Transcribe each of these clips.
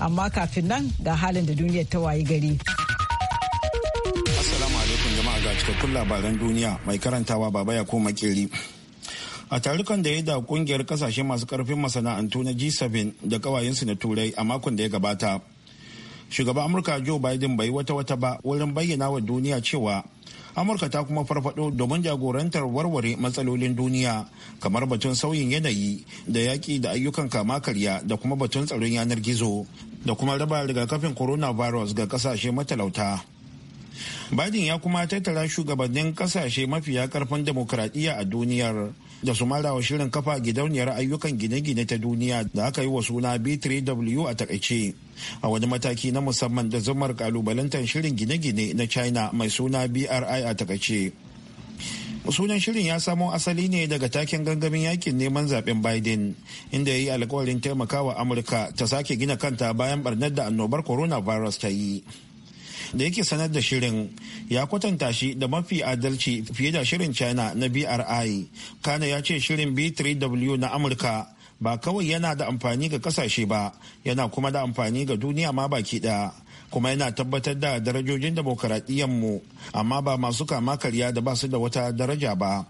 amma kafin nan ga halin da duniyar ta wayi gari. Assalamu alaikum jama'a ga cikakkun labaran duniya mai karantawa baba ya koma makeri. A tarukan da ya da kungiyar kasashe masu karfin masana'antu na G7 da kawayensu na turai a makon da ya gabata. Shugaban Amurka Joe Biden bai wata wata ba wurin bayyana wa duniya cewa Amurka ta kuma farfado domin jagorantar warware matsalolin duniya kamar batun sauyin yanayi da yaƙi da ayyukan kama karya da kuma batun tsaron yanar gizo da kuma raba rigakafin coronavirus ga kasashe matalauta biden ya kuma tattara shugabannin kasashe mafiya karfin demokradiyya a duniyar da su marawa shirin kafa gidauniyar ayyukan gine-gine ta duniya da aka yi wa suna b3w a takaice a wani mataki na musamman da zumar kalubalantar shirin gine-gine na china mai suna bri a takaice sunan shirin ya samo asali ne daga taken gangamin yakin neman zaben biden inda ya yi alkawarin taimakawa amurka ta sake gina kanta bayan barnar da annobar coronavirus ta yi da yake sanar da shirin ya kwatanta shi da mafi adalci fiye da shirin china na bri kana ya ce shirin b3w na amurka ba kawai yana da amfani ga kasashe ba yana kuma da amfani ga duniya ma baki daya kuma yana tabbatar da darajojin mu amma ba masu kama karya da ba su da wata daraja ba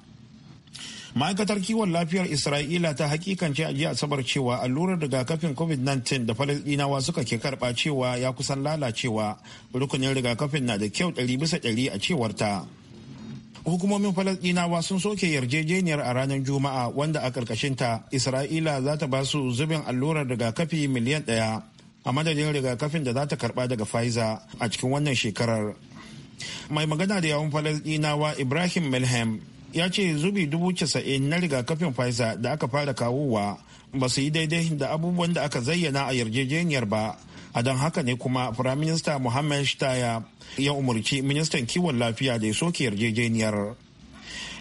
ma'aikatar kiwon lafiyar isra'ila ta hakikance a jiya asabar cewa allurar rigakafin covid-19 da falasdinawa suka ke karba cewa ya kusan lalacewa rukunin rigakafin na da kyau 100 bisa 100 a cewarta hukumomin falasdinawa sun soke yarjejeniyar a ranar juma'a wanda a karkashinta isra'ila za ta ba su zubin allurar rigakafi miliyan ɗaya a madadin rigakafin da za ta karba daga Pfizer a cikin wannan shekarar. Mai magana da yawun Falasɗinawa Ibrahim Milham ya ce zubi dubu casa'in na rigakafin Pfizer da aka fara kawowa ba su yi daidai da abubuwan da aka zayyana a yarjejeniyar ba. A don haka ne kuma Firaminista Mohammed Shtaya ya umarci ministan kiwon lafiya da ya soke yarjejeniyar.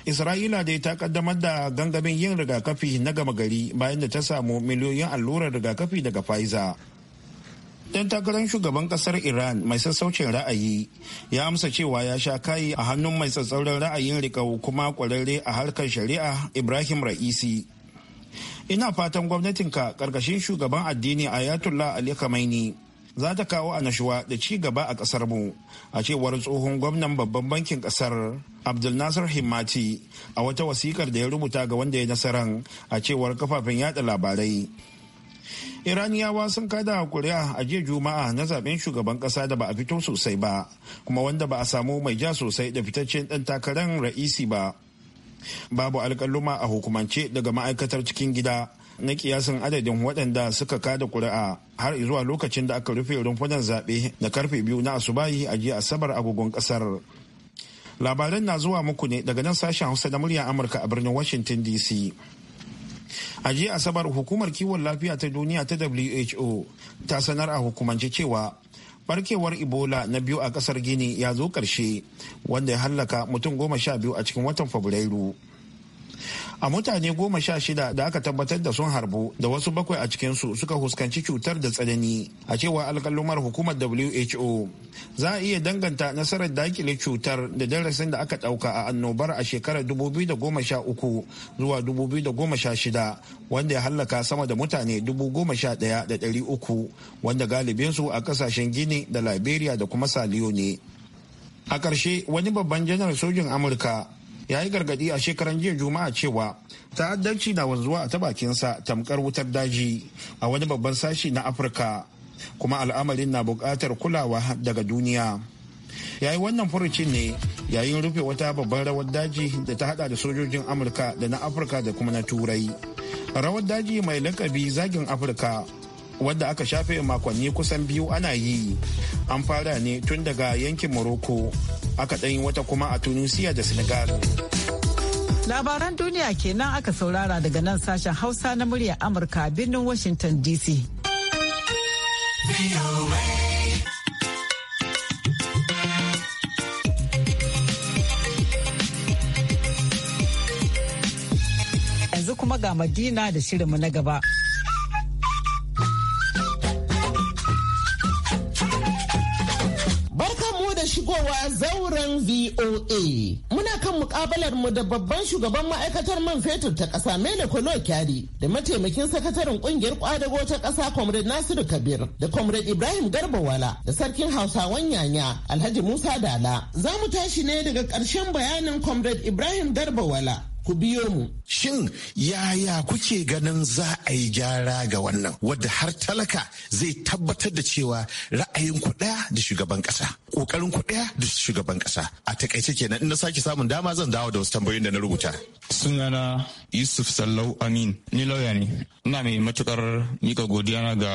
isra'ila dai ta kaddamar da gangamin yin rigakafi na gama gari bayan da ta samu miliyoyin allurar rigakafi daga pfizer Ɗan takarar shugaban kasar iran mai sassaucin ra'ayi ya amsa cewa ya sha kayi a hannun mai tsatsauran ra'ayin rikau kuma ƙwararre a harkar shari'a ibrahim ra'isi ina fatan gwamnatinka karkashin shugaban addini ayatollah ali kamaini za ta kawo annashuwa da ci gaba a kasar mu a cewar tsohon gwamnan babban bankin kasar abdul nasir himmati a wata wasikar da ya rubuta ga wanda ya nasaran a cewar kafafen yada labarai iraniyawa sun kada kuri'a a jiya juma'a na zaben shugaban kasa da ba a fito sosai ba kuma wanda ba a samu mai ja sosai da fitaccen dan takarar ra'isi ba babu alkaluma a hukumance daga ma'aikatar cikin gida na kiyasin adadin waɗanda suka kada kuri'a har zuwa lokacin da aka rufe rumfunan zaɓe da karfe biyu na asubahi a jiya asabar agogon ƙasar labaran na zuwa muku ne daga nan sashen hausa na murya amurka a birnin washington dc a jiya asabar hukumar kiwon lafiya ta duniya ta who ta sanar a hukumance cewa barkewar ebola na biyu a kasar gini ya zo karshe wanda ya hallaka mutum goma sha biyu a cikin watan fabrairu a mutane goma sha shida da aka tabbatar da sun harbu da wasu bakwai a cikinsu suka huskanci cutar da tsanani a cewa alkalumar hukumar who za a iya danganta nasarar dakile cutar da darasin da aka ɗauka a annobar a shekarar dubu sha uku zuwa sha shida wanda ya hallaka sama da mutane dubu goma sha da uku wanda galibinsu a kasashen gini da liberia da kuma saliyo ne a ƙarshe wani babban janar sojin amurka ya yi gargadi a shekaran jiya juma'a cewa ta'addanci na wanzuwa a ta bakinsa tamkar wutar daji a wani babban sashi na afirka kuma al'amarin na buƙatar kulawa daga duniya ya yi wannan furucin ne yayin rufe wata babban rawar daji da ta hada da sojojin amurka da na afirka da kuma na turai rawar daji mai lakabi zagin afirka wadda aka shafe makonni kusan biyu ana yi an fara ne tun daga yankin morocco aka yi wata kuma a tunisia da senegal labaran duniya kenan aka saurara daga nan sashen hausa na murya amurka birnin washington dc yanzu kuma ga madina da shirinmu na gaba VOA. Muna kan mukabalar mu da babban shugaban ma'aikatar man fetur ta ƙasa Mele Kolo Kyari da mataimakin sakataren kungiyar kwadago ta ƙasa Comrade Nasiru Kabir da Comrade Ibrahim Garba Wala da sarkin Hausawan Yanya Alhaji Musa Dala. Za mu tashi ne daga ƙarshen bayanin Comrade Ibrahim Garba Wala ku biyo mu. Shin yaya kuke ganin za a yi gyara ga wannan wadda har talaka zai tabbatar da cewa ra'ayin ku ɗaya da shugaban ƙasa, ƙoƙarin ku ɗaya da shugaban ƙasa. A takaice kenan in na sake samun dama zan dawo da wasu tambayoyin da na rubuta. Sunana Yusuf Sallau Amin, ni lauya ne. Ina mai matukar mika godiya ga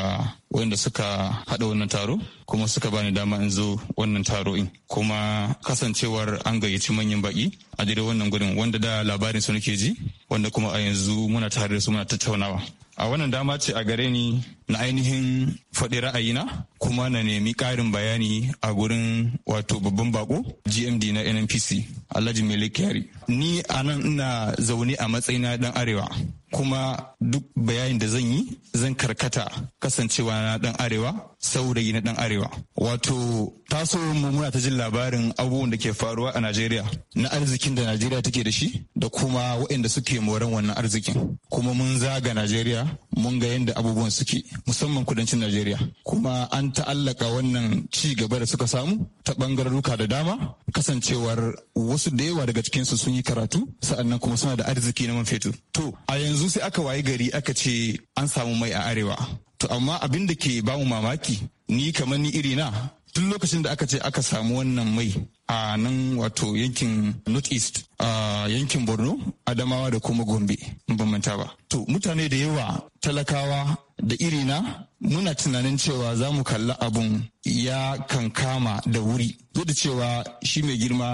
wanda suka haɗa wannan taro kuma suka bani dama in zo wannan taro in kuma kasancewar an gayyaci manyan baki a daidai wannan gudun wanda da labarin su nake ji wanda kuma a yanzu muna tare da su muna tattaunawa a wannan dama ce a gare ni na ainihin faɗi ra'ayina kuma na nemi ƙarin bayani a gurin wato babban bako gmd na nnpc alhaji mele kyari ni a nan ina zaune a matsayina dan arewa kuma duk bayanin da zan yi zan karkata kasancewa na dan arewa saurayi na dan arewa wato taso mu muna ta jin labarin abubuwan da ke faruwa a najeriya na arzikin da najeriya take da shi da kuma waɗanda suke moran wannan arzikin kuma mun zaga najeriya mun ga yadda abubuwan suke musamman kudancin Najeriya. Kuma an ta'allaka wannan ci gaba da suka samu ta bangaruka da dama kasancewar wasu da yawa daga cikinsu sun yi karatu sa'annan kuma suna da arziki na man fetur. To a yanzu sai aka wayi gari aka ce an samu mai a arewa. To amma abin da ke bamu mamaki ni kamar ni irina tun lokacin da aka ce aka samu wannan mai a nan wato yankin northeast a yankin borno adamawa da kuma gombe ban manta ba to mutane da yawa talakawa da irina muna tunanin cewa za mu kalli abun ya kankama da wuri duk da cewa shi mai girma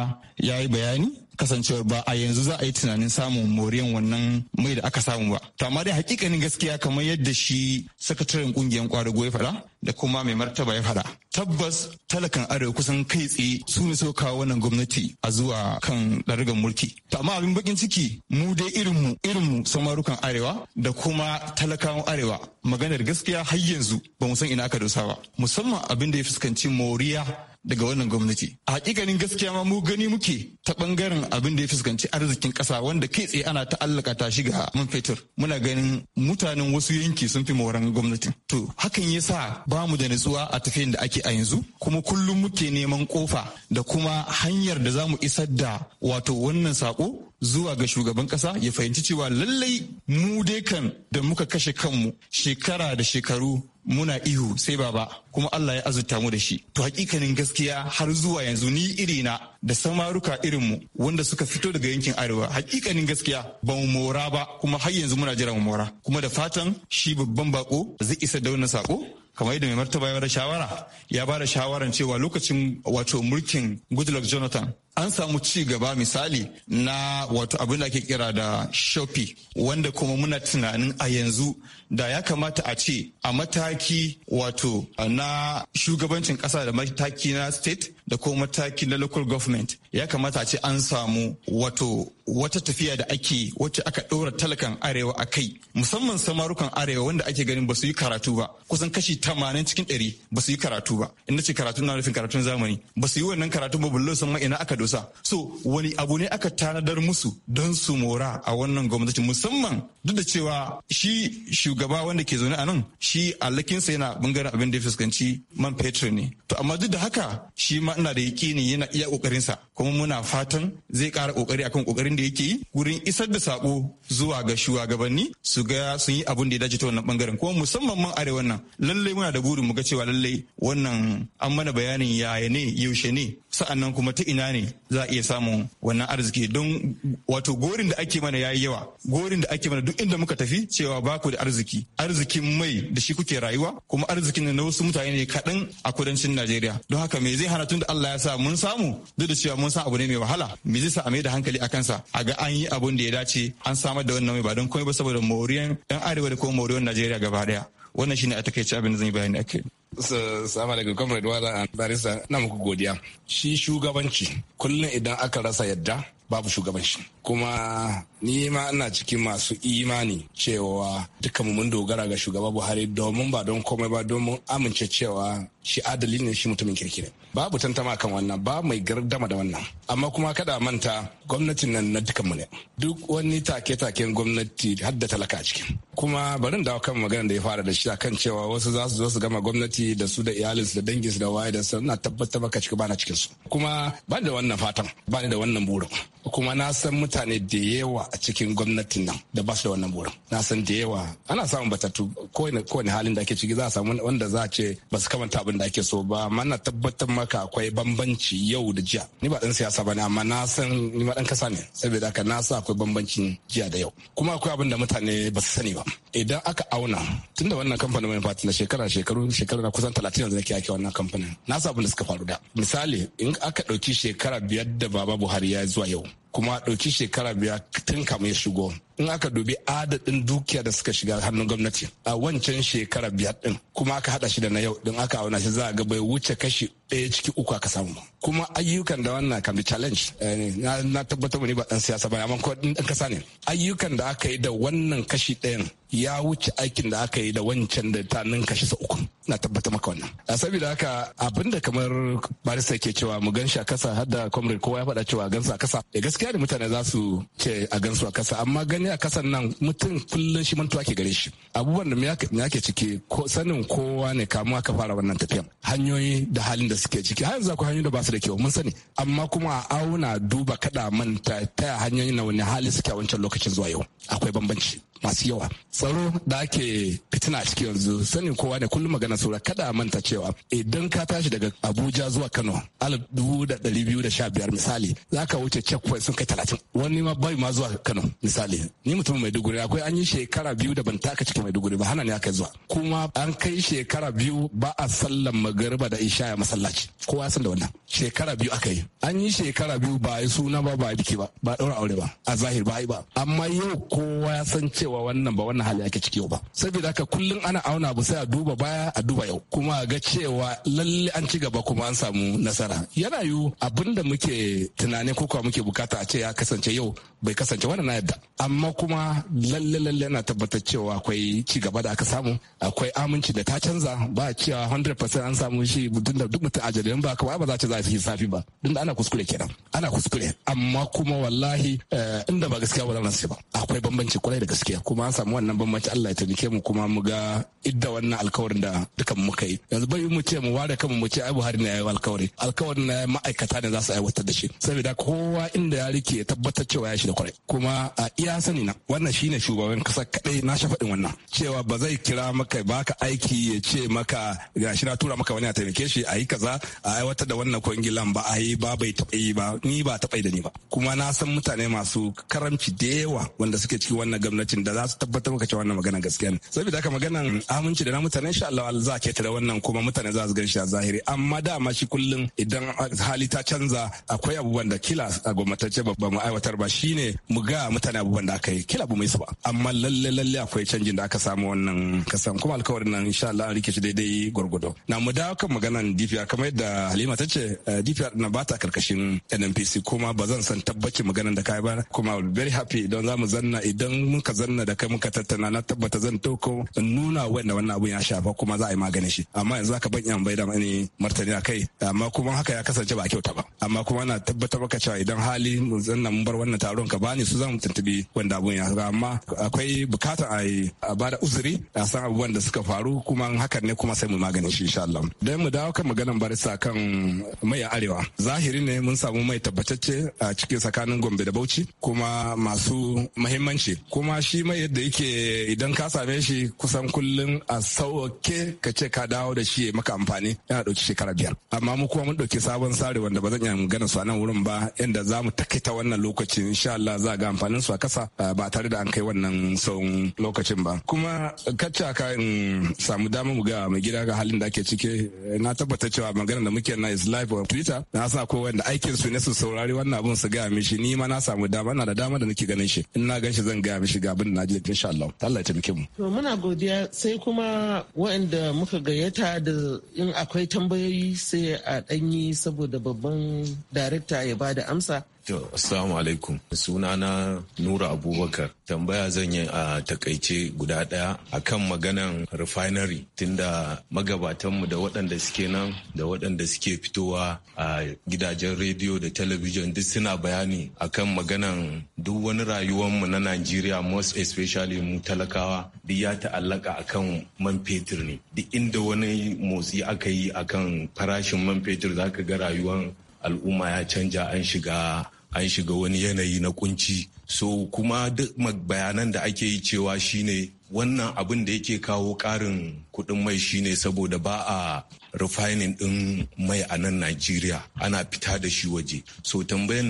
ya yi bayani kasancewar ba a yanzu za a yi tunanin samun moriyan wannan mai da aka samu ba to amma dai hakikanin gaskiya kamar yadda shi sakataren kungiyar kwari ya faɗa da kuma mai martaba ya faɗa tabbas talakan arewa kusan kai tsaye su ne suka kawo wannan gwamnati a zuwa kan ɗargan mulki to amma abin bakin ciki mu dai irinmu irinmu samarukan arewa da kuma talakawan arewa maganar gaskiya har yanzu ba mu san ina aka dosa ba musamman abin da ya fuskanci moriya daga wannan gwamnati a hakikanin gaskiya ma mu gani muke ta bangaren abin da ya fuskanci arzikin kasa wanda kai tsaye ana ta'allaka ta shiga man fetur muna ganin mutanen wasu yanki sun fi moran gwamnati. to hakan ya sa ba mu da nutsuwa a tafiyan da ake a yanzu kuma kullum muke neman kofa da kuma hanyar da za mu isar da wato wannan sako zuwa ga shugaban kasa ya fahimci cewa lallai mu dai kan da muka kashe kanmu shekara da shekaru muna ihu sai baba kuma Allah ya azurta mu da shi to hakikanin gaskiya har zuwa yanzu ni irina da samaruka irin mu wanda suka fito daga yankin arewa hakikanin gaskiya ba mu mora ba kuma har yanzu muna jira mu mora kuma da fatan shi babban bako zai isa da wannan sako kamar yadda mai martaba ya bada shawara ya bada shawaran cewa lokacin wato mulkin goodluck jonathan an samu ci gaba misali na wato abin da ake kira da shopi wanda kuma muna tunanin a yanzu da ya kamata a ce a mataki wato na shugabancin kasa da mataki na state da kuma mataki na local government ya kamata a ce an samu wato wata tafiya da ake wacce aka ɗora talakan arewa a kai musamman samarukan arewa wanda ake ganin ba su yi karatu ba kusan kashi tamanin cikin ɗari ba su yi karatu ba in ce karatu na nufin karatun zamani ba su yi wannan karatu ba bullo sun ina aka dosa so wani abu ne aka tanadar musu don su mora a wannan gwamnati musamman duk da cewa shi shugaba wanda ke zaune a nan shi alakinsa yana bangaren abin da ya fuskanci man fetur ne to amma duk da haka shi ma ina da ne yana iya kokarinsa kuma muna fatan zai ƙara kokari akan kokarin da yake yi wurin isar da sako zuwa ga shugabanni su ga sun yi abin da ya dace ta wannan bangaren kuma musamman man arewa nan lallai muna da burin mu ga cewa lallai wannan an mana bayanin yaya ne yaushe ne sa'annan kuma ta ina ne za a iya samun wannan arziki don wato gorin da ake mana yayi yawa gorin da ake mana duk inda muka tafi cewa baku da arziki arzikin mai da shi kuke rayuwa kuma arzikin na wasu mutane ne kaɗan a kudancin Najeriya don haka me zai hana tun da Allah ya sa mun samu duk da cewa mun san abu ne mai wahala me zai sa a mai da hankali a kansa a ga an yi abun da ya dace an samar da wannan mai ba don komai ba saboda moriyan dan arewa da kuma moriyan Najeriya gaba daya wannan shine a takaice abin da zan yi bayani akai Sama daga Comrade Wala a barisa na muku godiya. Shi shugabanci kullum idan aka rasa yadda babu shugabanci. Kuma ni ma ina cikin masu imani cewa duka mun dogara ga shugaba Buhari domin ba don komai ba domin amince cewa shi adali ne shi mutumin kirkire. Babu tantama kan wannan ba mai gardama da wannan. Amma kuma kada manta gwamnatin nan na duka ne. Duk wani take-taken gwamnati hadda talaka a cikin. Kuma bari dawo kan magana da ya fara da shi kan cewa wasu za su zo su gama gwamnati ciki da su da iyalinsu da su da waye da su ina tabbatar maka ciki bana cikin su kuma ba da wannan fatan ba da wannan burin kuma na san mutane da yawa a cikin gwamnatin nan da ba su da wannan burin na san da yawa ana samun batatu kowane halin da ake ciki za a samu wanda za a ce ba su kamanta abin da ake so ba amma na tabbatar maka akwai bambanci yau da jiya ni ba dan siyasa ba ne amma na san ni ma dan kasa ne saboda haka na san akwai bambancin jiya da yau kuma akwai abin da mutane ba su sani ba idan aka auna tunda wannan kamfanin mai fati na shekara shekaru shekaru na kusan talatin yanzu nake ake wannan kamfanin na san abin da suka faru da misali in aka ɗauki shekara biyar da baba buhari ya zuwa yau kuma ɗauki shekara biya tun kam ya shigo in aka dubi adadin dukiya da suka shiga hannun gwamnati a wancan shekara biyar din kuma aka hada shi da na yau din aka auna shi za a ga bai wuce kashi ɗaya ciki uku aka samu kuma ayyukan da wannan kan bi challenge eh, na tabbatar ne ba dan siyasa ba amma ko dan kasa ne ayyukan da aka yi da wannan kashi ɗayan ya wuce aikin da aka yi da wancan da ta kashi sa uku na tabbata maka wannan a saboda haka abinda kamar barista ke cewa mu gan a kasa hadda comrade kowa ya faɗa cewa gansu a kasa eh, gaskiya ne mutane za su ce a gansu a kasa amma gani a kasar nan mutum kullum shi mantuwa ke gare shi abubuwan da me ake ciki ko sanin kowa ne kamun aka fara wannan tafiyan hanyoyi da halin da suke ciki har yanzu akwai hanyoyi da ba su da kyau mun sani amma kuma a auna duba kada manta ta hanyoyin na wani hali suke a wancan lokacin zuwa yau akwai bambanci masu yawa tsaro da ake fitina a cikin yanzu sanin kowa ne kullum magana saura kada a manta cewa idan ka tashi daga abuja zuwa kano alif dubu da ɗari biyu da sha biyar misali za ka wuce checkpoint sun kai talatin wani ma bai ma zuwa kano misali ni mutum maiduguri akwai an yi shekara biyu da ban taka cikin maiduguri ba hana ne aka zuwa kuma an kai shekara biyu ba a sallan magariba da isha ya masallaci kowa san da wannan shekara biyu aka yi an yi shekara biyu ba a yi suna ba ba a biki ba ba daura aure ba a zahir ba ba amma yau kowa ya san cewa cewa wannan ba wannan hali ake ciki ba saboda haka kullum ana auna abu sai a duba baya a duba yau kuma ga cewa lalle an ci gaba kuma an samu nasara yana yiwu abinda muke tunanin ko kuma muke bukata a ce ya kasance yau bai kasance wannan na yadda amma kuma lalle lalle ana tabbatar cewa akwai ci gaba da aka samu akwai aminci da ta canza ba a cewa 100% an samu shi mutum da duk mutum ajalin ba kuma ba za ta za ta safi ba duk ana kuskure kenan ana kuskure amma kuma wallahi eh, inda ba gaskiya ba za ba akwai bambanci kwarai da gaskiya kuma an samu wannan bambanci Allah ya taimake mu kuma mu ga idda wannan alkawarin da dukan muka yi yanzu bai mu ce mu ware kanmu mu ce ai Buhari ne ya yi alkawari alkawarin na ma'aikata ne za su aiwatar da shi saboda kowa inda ya rike ya tabbatar cewa ya da kwarai kuma a iya sani na wannan shine shugaban kasa kadai na fadin wannan cewa ba zai kira maka baka aiki ya ce maka gashi na tura maka wani a taimake shi a yi kaza a aiwatar da wannan kwangilan ba a yi ba bai taɓa yi ba ni ba taɓa yi da ni ba kuma na san mutane masu karamci da yawa wanda suke cikin wannan gwamnatin da za su tabbatar maka cewa wannan magana gaskiya ne saboda haka maganan aminci da na mutane insha Allah za ke da wannan kuma mutane za su gan shi a zahiri amma dama shi kullum idan hali ta canza akwai abubuwan da kila a gwamnatance ba mu aiwatar ba shine mu ga mutane abubuwan da aka yi kila ba mu yi su ba amma lalle lalle akwai canjin da aka samu wannan kasan kuma alkawarin nan insha Allah an rike shi daidai gwargwado na mu dawo kan maganan DPR kamar yadda Halima ta ce eh, DPR na bata karkashin NNPC kuma ba zan san tabbacin maganan da kai ba kuma very happy don za zanna idan muka zanna wannan da kai muka tattauna na tabbata zan dauko in nuna wanda wannan abun ya shafa kuma za a yi magani shi amma yanzu aka ban yan bai da mani martani akai kai amma kuma haka ya kasance ba kyauta ba amma kuma na tabbatar maka cewa idan hali mun zanna bar wannan taron ka bani su zan tuntubi wanda abun ya shafa amma akwai bukata a yi a bada uzuri a san abubuwan da suka faru kuma hakan ne kuma sai mu magani shi insha Allah dan mu dawo kan maganar barista kan mai arewa zahiri ne mun samu mai tabbatacce a cikin tsakanin Gombe da Bauchi kuma masu muhimmanci kuma shi mai yadda yake idan ka same shi kusan kullum a sauke ka ce ka dawo da shi ya maka amfani yana ɗauki shekara biyar amma mu kuma mun ɗauki sabon sare wanda ba zan iya magana su a nan wurin ba yadda za mu takaita wannan lokacin insha Allah za ga amfanin su a kasa ba tare da an kai wannan sauran lokacin ba kuma kacca ka in samu dama mu ga mai gida ga halin da ake ciki na tabbata cewa magana da muke na is live on Twitter na sa ko wanda aikin su ne su saurari wannan abun su ga mishi ni ma na samu dama na da dama da nake ganin shi in na gan shi zan ga mishi ga abin shirin na insha Allah Allah ya taimake mu to muna godiya sai kuma waɗanda muka gayyata da in akwai tambayoyi sai a ɗanyi saboda babban darakta ya bada amsa To, assalamu alaikum. Sunana Nura Abubakar. Tambaya zan yi a takaice guda ɗaya a kan maganan refinery tunda magabatanmu da waɗanda suke nan da waɗanda suke fitowa a gidajen rediyo da talabijin duk suna bayani a kan maganan duk wani rayuwanmu na Najeriya most especially mu talakawa duk ya ta'allaka a kan man fetur ne. Duk inda wani motsi aka yi a kan farashin man fetur za ka ga rayuwan al'umma ya canja an shiga an shiga wani yanayi na kunci so kuma duk bayanan da ake yi cewa shine wannan abin da yake kawo karin kudin mai shine saboda ba a refining din mai a nan Najeriya ana fita da shi waje so tambaya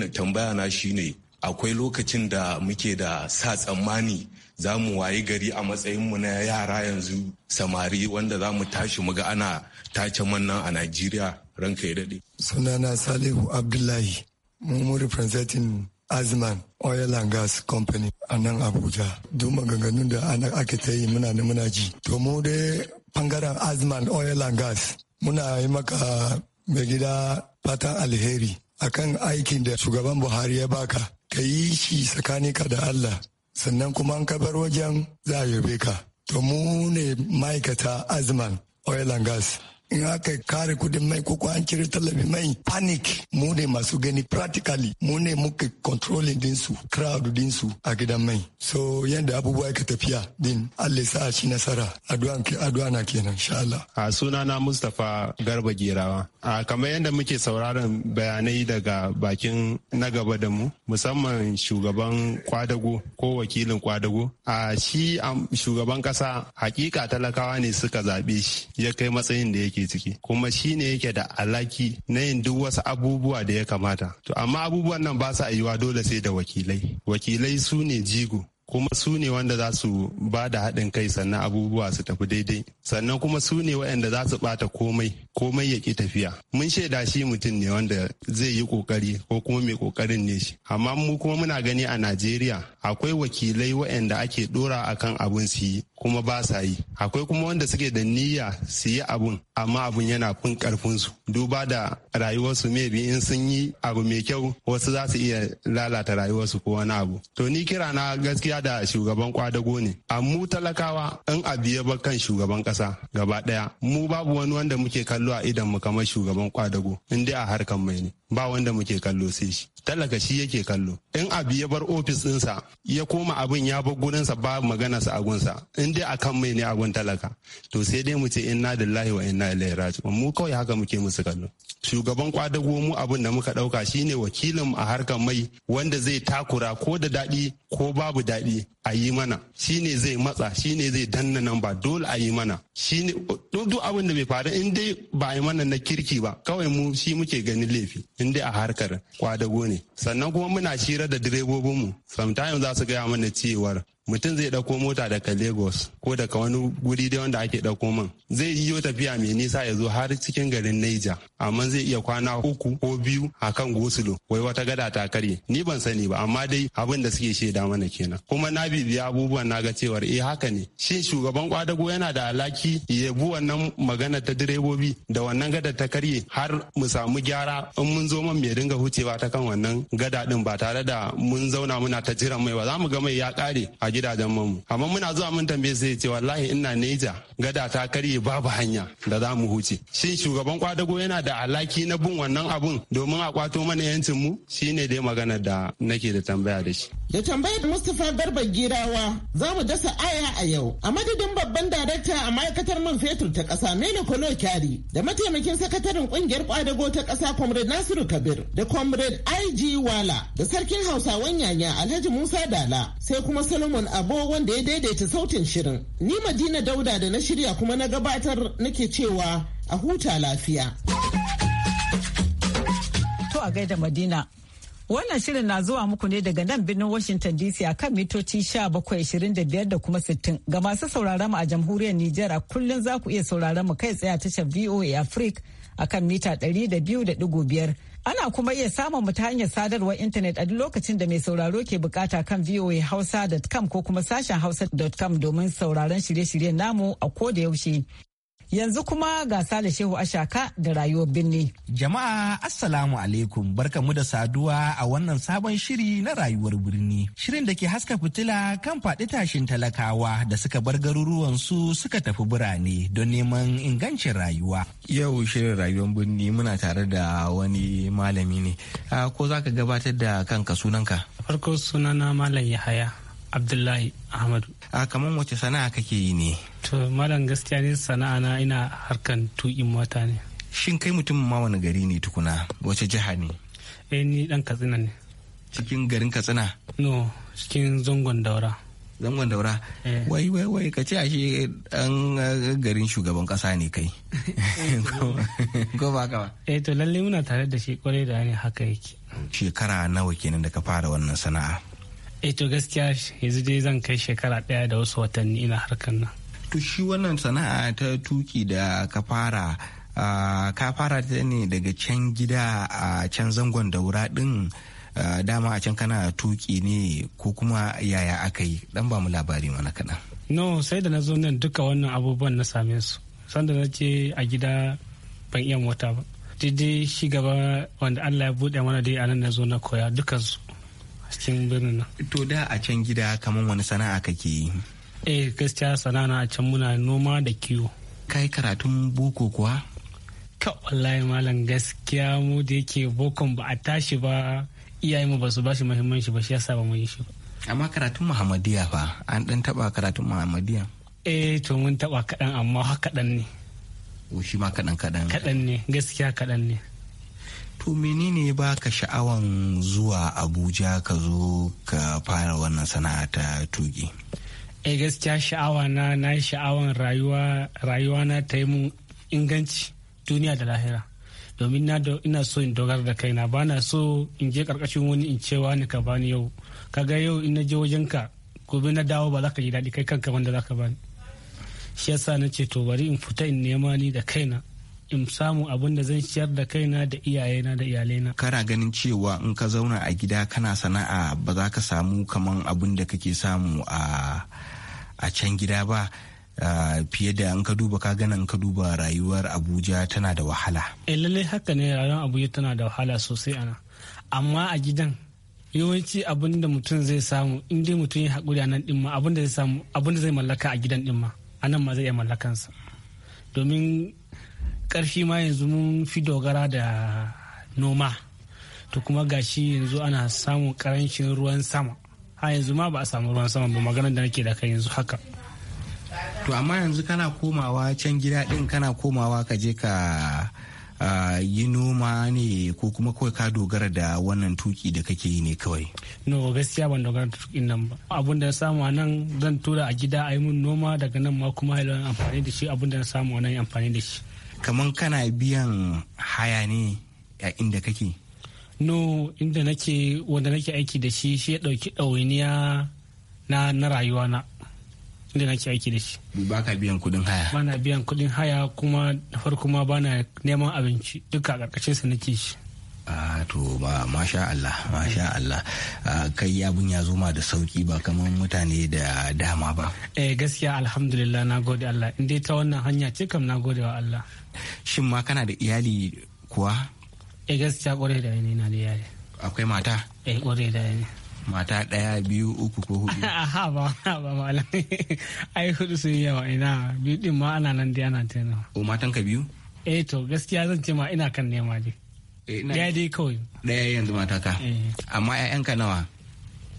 na shine akwai lokacin da muke da sa tsammani za mu wayi gari a matsayinmu na yara yanzu samari wanda za mu tashi muga ana tace mannan a Najeriya ranka ya daɗe. sunana salihu abdullahi mummuri francetin azman oil and gas company a nan abuja duk maganganun da ana ake ta yi muna ne muna ji to mu dai bangaren azman oil and gas muna yi maka mai gida fatan alheri akan aikin da shugaban buhari ya baka ka yi shi ka da allah sannan kuma an kabar wajen za a yabe ka to mu ne ma'aikata azman oil and gas in aka kare kudin mai ko an cire talabi mai panic mu ne masu gani practically mu ne muka controlling dinsu crowd dinsu a gidan mai so yadda abubuwa ka tafiya din Allah sa a ci nasara addu'a na kenan insha Allah a sunana Mustapha Garba Girawa a kamar yadda muke sauraron bayanai daga bakin na gaba da mu musamman shugaban kwadago ko wakilin kwadago a shi shugaban kasa hakika talakawa ne suka zabe shi ya kai matsayin da yake ciki ciki kuma shi ne yake da alaki na yin duk wasu abubuwa da ya kamata to amma abubuwan nan ba su yiwa dole sai da wakilai wakilai su ne jigo kuma su ne wanda za su ba da haɗin kai sannan abubuwa su tafi daidai sannan kuma su ne waɗanda za su ɓata komai komai ya ƙi tafiya mun shaida shi mutum ne wanda zai yi ƙoƙari ko kuma mai ƙoƙarin ne shi amma mu kuma muna gani a najeriya akwai wakilai waɗanda ake ɗora akan abun su yi kuma ba sa yi akwai kuma wanda suke da niyya su yi abun amma abun yana fin su duba da rayuwarsu maybe in sun yi abu mai kyau wasu za su iya lalata rayuwarsu ko wani abu to ni kira na gaskiya da shugaban kwadago ne a mu talakawa in a biye ba kan shugaban kasa gaba daya mu babu wani wanda muke kallo a idan mu kamar shugaban kwadago in dai a harkan mai ne ba wanda muke kallo sai shi talaka shi yake kallo in abu ya bar ofis ɗinsa ya koma abin ya bar gurinsa ba magana sa agunsa in dai akan mai ne agun talaka to sai dai mu ce inna lillahi wa inna ilaihi raji'un mu kawai haka muke musu kallo shugaban kwadago mu abin da muka dauka shine wakilin a harkar mai wanda zai takura ko da daɗi ko babu daɗi a yi mana shi ne zai matsa shi ne zai danna nan ba dole a yi mana shi ne duk abin da bai faru in dai ba a yi mana na kirki ba kawai mu shi muke ganin laifi in dai a harkar kwadago ne sannan kuma muna shira da direbobinmu sometimes za su gaya mana cewar mutum zai ɗauko mota daga lagos ko daga wani guri dai wanda ake ɗauko man zai yi tafiya mai nisa ya zo har cikin garin naija amma zai iya kwana uku ko biyu a kan gosulo wai wata gada ta karye ni ban sani ba amma dai abin da suke shaida mana kenan kuma na bibiya abubuwan na ga cewar eh haka ne shin shugaban kwadago yana da alaki ya bu wannan magana ta direbobi da wannan gada ta karye har mu samu gyara in mun zo man mai dinga hucewa ta kan wannan gada din ba tare da mun zauna muna ta jiran mai ba za mu ga mai ya kare a gidajen mu amma muna zuwa mun tambaye sai ce wallahi ina neja gada ta karye babu hanya da za mu huce shin shugaban kwadago yana da alaki na bin wannan abun domin a kwato mana yancin mu shine dai magana da nake da tambaya da shi da tambayar Mustapha Garba Girawa za mu dasa aya a yau a madadin babban darakta a ma'aikatar man fetur ta ƙasa Mele Kolo Kyari da mataimakin sakataren kungiyar kwadago ta ƙasa Comrade Nasiru Kabir da Comrade IG Wala da sarkin Hausawan Yanya Alhaji Musa Dala sai kuma Solomon Abo wanda ya daidaita sautin shirin. Ni Madina Dauda da na shirya kuma na gabatar nake cewa a huta lafiya. To a gaida Madina. Wannan shirin na zuwa muku ne daga nan birnin Washington DC a kan mitoci 1725 da kuma 60. Ga masu sauraron mu a jamhuriyar Nijar a kullum za ku iya sauraron mu kai tsaye a tashar VOA Africa a kan mita 200.5. Ana kuma iya samun mu ta hanyar sadarwar intanet a duk lokacin da mai sauraro ke bukata kan voahausa.com ko kuma sashen hausa.com domin sauraron shirye-shiryen namu a ko da yaushe. Yanzu kuma gasa da Shehu Ashaka da rayuwar birni. Jama'a Assalamu alaikum barkamu da saduwa a wannan sabon shiri na rayuwar birni. Shirin da ke haska fitila kan faɗi tashin talakawa da suka bar garuruwan su suka tafi birane don neman ingancin rayuwa. Yau shirin rayuwar birni muna tare da wani malami ne. Ko za ka gabatar da kanka sunanka? Farko sunana Malam Yahaya Abdullahi Ahmadu. Kamar wace sana'a kake yi ne? to malam gaskiya ne sana'a na ina harkan tuƙin mota ne shin kai mutumin ma wani gari ne tukuna wace jiha ne eh ni dan katsina ne cikin garin katsina no cikin zangon daura zangon daura eh. wai wai wai ka ce ashe dan eh, garin shugaban kasa ne kai ko ba ka ba eh to lalle muna tare da shi kwarai da ne haka yake shekara nawa kenan da ka fara wannan sana'a eh to gaskiya yanzu dai zan kai shekara daya da wasu watanni ina harkan nan to shi wannan sana'a ta tuki da ka fara ka fara ta ne daga can gida a can zangon daura din dama a can kana tuki ne ko kuma yaya aka yi dan ba mu labari mana kaɗan. no sai da na zo nan duka wannan abubuwan na same su sanda na ce a gida ban iya mota ba daidai shi gaba wanda allah ya buɗe mana dai a nan na zo na koya a cikin birnin nan. To da a can gida kamar wani sana'a kake yi? eh gaskiya sana'a can muna noma da kiwo kai karatun boko kuwa ka wallahi malam gaskiya mu da yake bokon ba a tashi ba iyaye mu ba su ba shi muhimmanci ba shi yasa ba mu yi shi ba amma karatun muhammadiya fa an dan taba karatun muhammadiya eh to mun taba kadan amma ha kadan ne o shi ma kadan kadan kadan ne gaskiya kadan ne to menene ba baka sha'awan zuwa abuja ka zo ka fara wannan sana'a ta tuki eh gaskiya sha'awa na na sha'awan rayuwa rayuwa na ta yi mun inganci duniya da lahira domin na ina so in dogara da kaina ba na so in je karkashin wani in cewa ni ka bani yau kaga yau in na je wajen ka gobe na dawo ba za ka yi daɗi kai kanka wanda za ka bani shi yasa na ce to bari in fita in nema ni da kaina in samu abin da zan ciyar da kaina da iyayena da iyalaina. Kana ganin cewa in ka zauna a gida kana sana'a ba za ka samu kaman abin da kake samu a a can gida ba fiye da an ka duba kagana an ka duba rayuwar abuja tana da wahala eh, lallai haka ne rayuwar abuja tana da wahala sosai ana amma a gidan yawanci abin da mutum zai samu inda mutum ya haƙuri a nan ɗin ma abin da zai samu abin da zai mallaka a gidan ɗin ma a nan ma zai iya mallakansa domin ƙarfi ma yanzu mun fi dogara da noma to kuma gashi yanzu ana samun ƙarancin ruwan sama a yanzu ma ba a samu ruwan sama ba maganar da nake da kai yanzu haka to amma yanzu kana komawa can gida din kana komawa ka je ka yi noma ne ko kuma kawai ka dogara da wannan tuki da kake yi ne kawai no gaskiya ban dogara da tuki nan ba abin da samu nan zan tura a gida a yi mun noma daga nan ma kuma yi amfani da shi abin da samu a nan amfani da shi kamar kana biyan haya ne a inda kake no inda nake wanda nake aiki da shi shi ya dauki ɗawainiya na na rayuwa na inda nake aiki da shi ba ka biyan kuɗin haya ba na biyan kuɗin haya kuma farko ma ba na neman abinci duka a ƙarƙashin sa nake shi to ba masha Allah masha Allah kai abin ya zo ma da sauki ba kamar mutane da dama ba eh gaskiya alhamdulillah na gode Allah in dai ta wannan hanya ce kam na gode wa Allah shin ma kana da iyali kuwa eh gaskiya kwarai da aini na da akwai mata eh kwarai da aini mata ɗaya biyu uku ko hudu ha ba ba malam ai hudu sun yawa ina biyu din ma ana nan dai ana tana o matan ka biyu eh to gaskiya zan ce ma ina kan nema dai eh, ɗaya dai kawai daya yanzu mata ka eh. amma ƴaƴanka nawa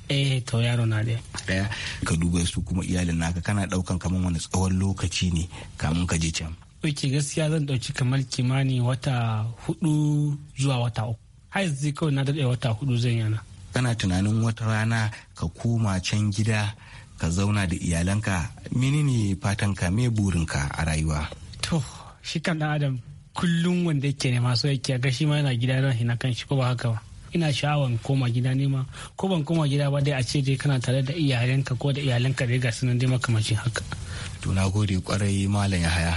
eh to yaro na daya daya ka duba su kuma iyalin naka kana daukan kaman wani tsawon lokaci ne kamun ka je can ɗauki gaskiya zan ɗauki kamar kimani wata hudu zuwa wata uku har zai kawai na daɗe wata hudu zan yana kana tunanin wata rana ka koma can gida ka zauna da iyalanka menene fatanka me burinka a rayuwa to shi kan ɗan adam kullum wanda yake nema so yake ga shi ma yana gida ran hina kan shi ko ba haka ba ina sha'awar koma gida nema ko ban koma gida ba dai a ce dai kana tare da iyalanka ko da iyalanka dai ga su nan dai makamacin haka to na gode kwarai malam ya haya.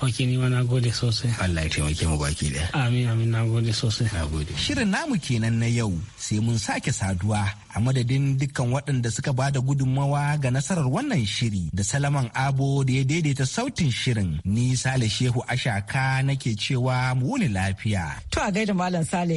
ok ni ma na gode sosai allah ya taimake mu baki daya amin amin na gode sosai na gode shirin namu kenan na yau sai mun sake saduwa a madadin dukkan waɗanda suka ba da gudunmawa ga nasarar wannan shiri da salaman abo da ya daidaita sautin shirin ni sale shehu ashaka nake cewa mu wuni lafiya to a gaida malam sale